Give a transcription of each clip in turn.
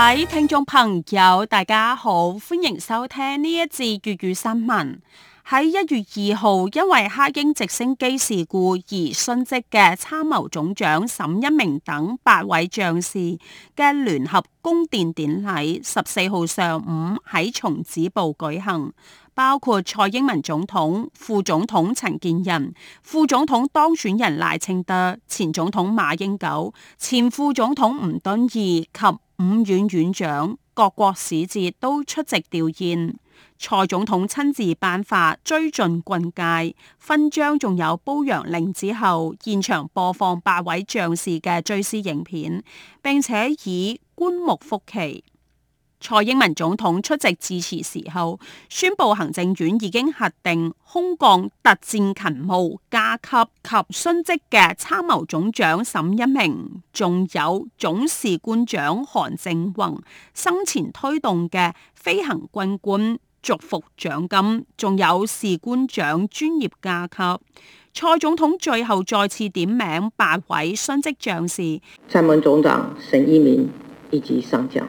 各位聽眾朋友，大家好，歡迎收聽呢一節粵語新聞。喺一月二號，因為黑鷹直升機事故而殉職嘅參謀總長沈一鳴等八位將士嘅聯合公祭典禮，十四號上午喺松指部舉行，包括蔡英文總統、副總統陳建仁、副總統當選人賴清德、前總統馬英九、前副總統吳敦義及。五院院長、各國使節都出席弔唁，蔡總統親自頒發追晉軍階、勳章，仲有褒揚令之後，現場播放八位將士嘅追思影片，並且以棺木覆旗。蔡英文總統出席致辭時候，宣佈行政院已經核定空降特戰勤務加級及，及殉職嘅參謀總長沈一鳴，仲有總士官長韓正宏生前推動嘅飛行軍官續服獎金，仲有士官長專業加級。蔡總統最後再次點名八位殉職將士，參謀總長沈一鳴以及上將。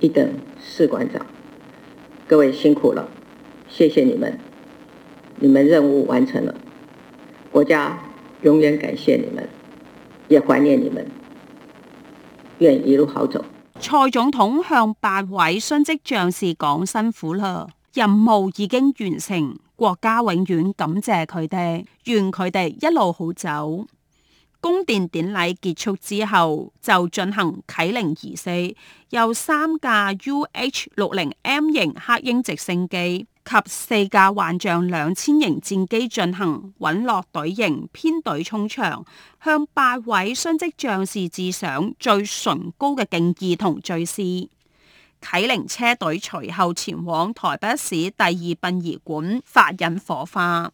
一等士官長，各位辛苦了，謝謝你們，你們任務完成了，國家永遠感謝你們，也懷念你們，願一路好走。蔡總統向八位殉職將士講辛苦啦，任務已經完成，國家永遠感謝佢哋，願佢哋一路好走。供電典禮結束之後，就進行啟靈儀式，由三架 UH-60M 型黑鷹直升機及四架幻象兩千型戰機進行隕落隊形編隊衝場，向八位殉職將士致上最崇高嘅敬意同追思。啟靈車隊隨後前往台北市第二殯儀館，發引火化。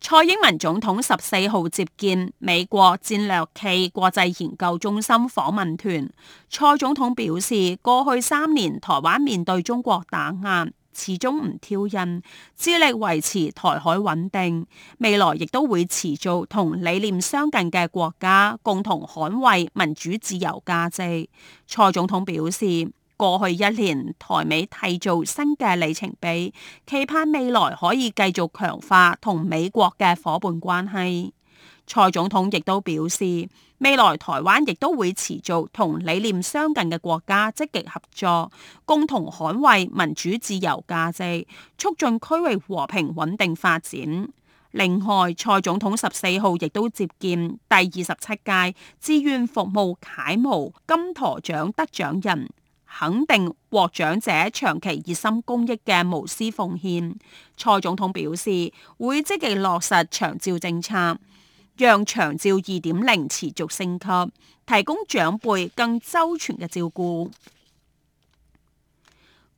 蔡英文總統十四號接見美國戰略暨國際研究中心訪問團。蔡總統表示，過去三年台灣面對中國打壓，始終唔挑釁，致力維持台海穩定，未來亦都會持續同理念相近嘅國家共同捍衛民主自由價值。蔡總統表示：過去一年，台美締造新嘅里程碑，期盼未來可以繼續強化同美國嘅夥伴關係。蔡總統亦都表示，未來台灣亦都會持續同理念相近嘅國家積極合作，共同捍衛民主自由價值，促進區域和平穩定發展。另外，蔡總統十四號亦都接見第二十七屆志願服務楷模金駝獎得獎人。肯定獲獎者長期熱心公益嘅無私奉獻。蔡總統表示會積極落實長照政策，讓長照二點零持續升級，提供長輩更周全嘅照顧。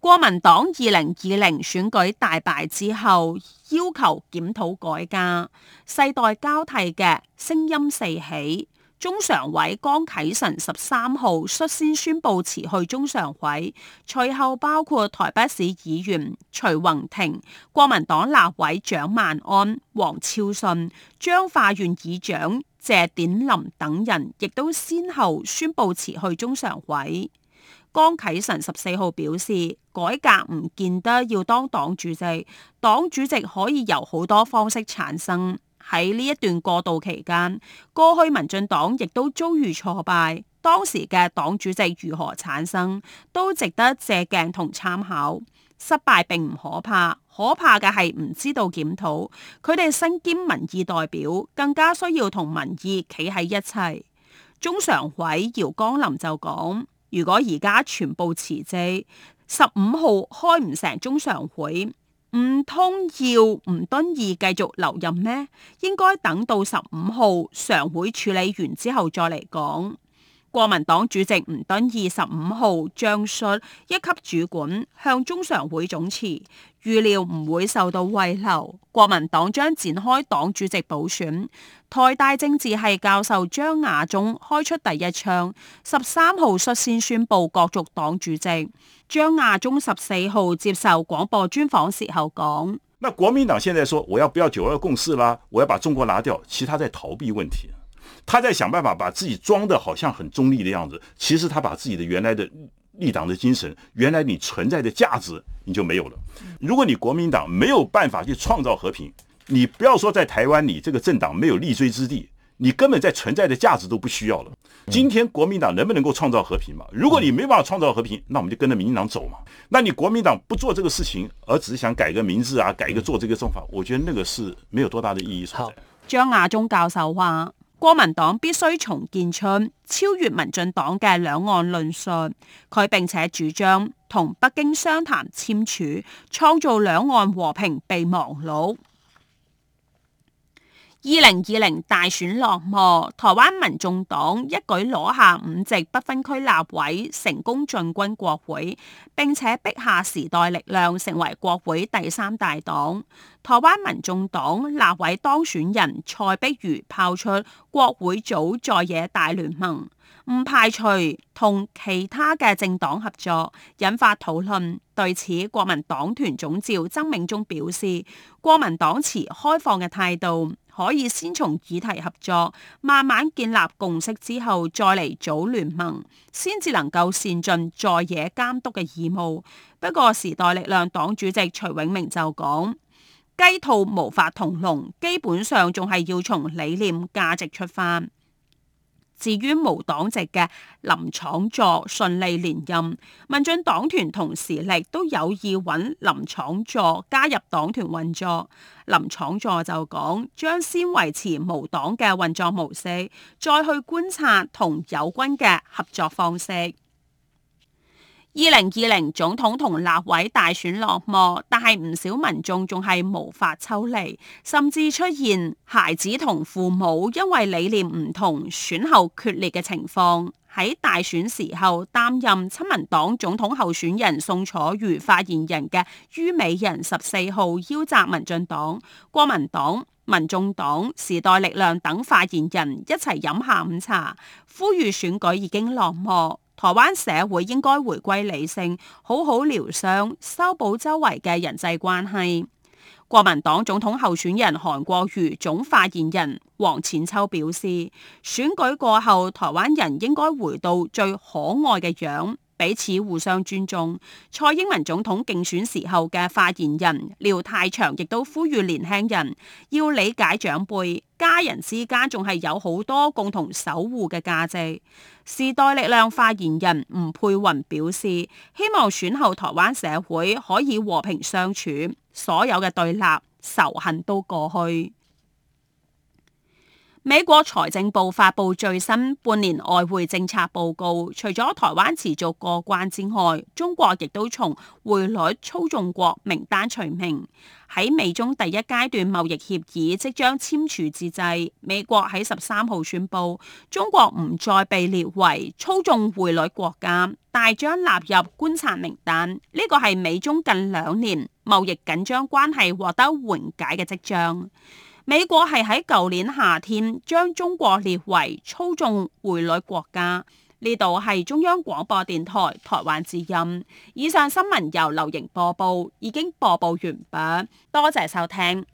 國民黨二零二零選舉大敗之後，要求檢討改革、世代交替嘅聲音四起。中常委江啟臣十三號率先宣布辭去中常委，隨後包括台北市議員徐宏庭、國民黨立委蔣萬安、黃昭順、彰化縣議長謝典林等人，亦都先後宣布辭去中常委。江啟臣十四號表示，改革唔見得要當黨主席，黨主席可以由好多方式產生。喺呢一段過渡期間，過去民進黨亦都遭遇挫敗，當時嘅黨主席如何產生，都值得借鏡同參考。失敗並唔可怕，可怕嘅係唔知道檢討。佢哋身兼民意代表，更加需要同民意企喺一齊。中常委姚江林就講：如果而家全部辭職，十五號開唔成中常會。唔通要吳敦義繼續留任咩？應該等到十五號常會處理完之後再嚟講。國民黨主席吳敦義十五號將率一級主管向中常會總辭，預料唔會受到挽留。國民黨將展開黨主席補選。台大政治系教授張亞中開出第一槍，十三號率先宣布角逐黨主席。張亞中十四號接受廣播專訪時候講，那國民黨現在說我要不要九二共識啦，我要把中國拿掉，其他在逃避問題，他在想辦法把自己裝得好像很中立的樣子，其實他把自己的原來的立黨的精神，原來你存在的價值，你就沒有了。如果你國民黨沒有辦法去創造和平，你不要說在台灣，你這個政黨沒有立錐之地，你根本在存在的價值都不需要了。今天國民黨能不能夠創造和平嘛？如果你沒辦法創造和平，那我們就跟着民進黨走嘛。那你國民黨不做這個事情，而只是想改個名字啊，改一個做這個做法，我覺得那個是沒有多大的意義所在。好張亞中教授話：國民黨必須重建出超越民進黨嘅兩岸論述，佢並且主張同北京商談簽署，創造兩岸和平備忘錄。二零二零大選落幕，台灣民眾黨一舉攞下五席不分區立委，成功進軍國會，並且逼下時代力量成為國會第三大黨。台灣民眾黨立委當選人蔡碧如拋出國會組在野大聯盟，唔排除同其他嘅政黨合作，引發討論。對此，國民黨團總召曾銘中表示，國民黨持開放嘅態度。可以先從議題合作，慢慢建立共識之後，再嚟組聯盟，先至能夠善盡在野監督嘅義務。不過，時代力量黨主席徐永明就講：雞兔無法同籠，基本上仲係要從理念價值出發。至於無黨籍嘅林昶佐順利連任，民進黨團同時力都有意揾林昶佐加入黨團運作，林昶佐就講將先維持無黨嘅運作模式，再去觀察同友軍嘅合作方式。二零二零總統同立委大選落幕，但係唔少民眾仲係無法抽離，甚至出現孩子同父母因為理念唔同選後決裂嘅情況。喺大選時候擔任親民黨總統候選人宋楚瑜發言人嘅于美人十四號邀集民進黨、國民黨、民眾黨、時代力量等發言人一齊飲下午茶，呼籲選舉已經落幕。台灣社會應該回歸理性，好好療傷、修補周圍嘅人際關係。國民黨總統候選人韓國瑜總發言人王淺秋表示，選舉過後，台灣人應該回到最可愛嘅樣。彼此互相尊重。蔡英文總統競選時候嘅發言人廖泰祥亦都呼籲年輕人要理解長輩，家人之間仲係有好多共同守護嘅價值。時代力量發言人吳佩雲表示，希望選後台灣社會可以和平相處，所有嘅對立仇恨都過去。美國財政部發佈最新半年外匯政策報告，除咗台灣持續過關之外，中國亦都從匯率操縱國名單除名。喺美中第一階段貿易協議即將簽署之際，美國喺十三號宣佈，中國唔再被列為操縱匯率國家，大將納入觀察名單。呢個係美中近兩年貿易緊張關係獲得緩解嘅跡象。美國係喺舊年夏天將中國列為操縱匯率國家。呢度係中央廣播電台台灣之音。以上新聞由劉瑩播報，已經播報完畢，多謝收聽。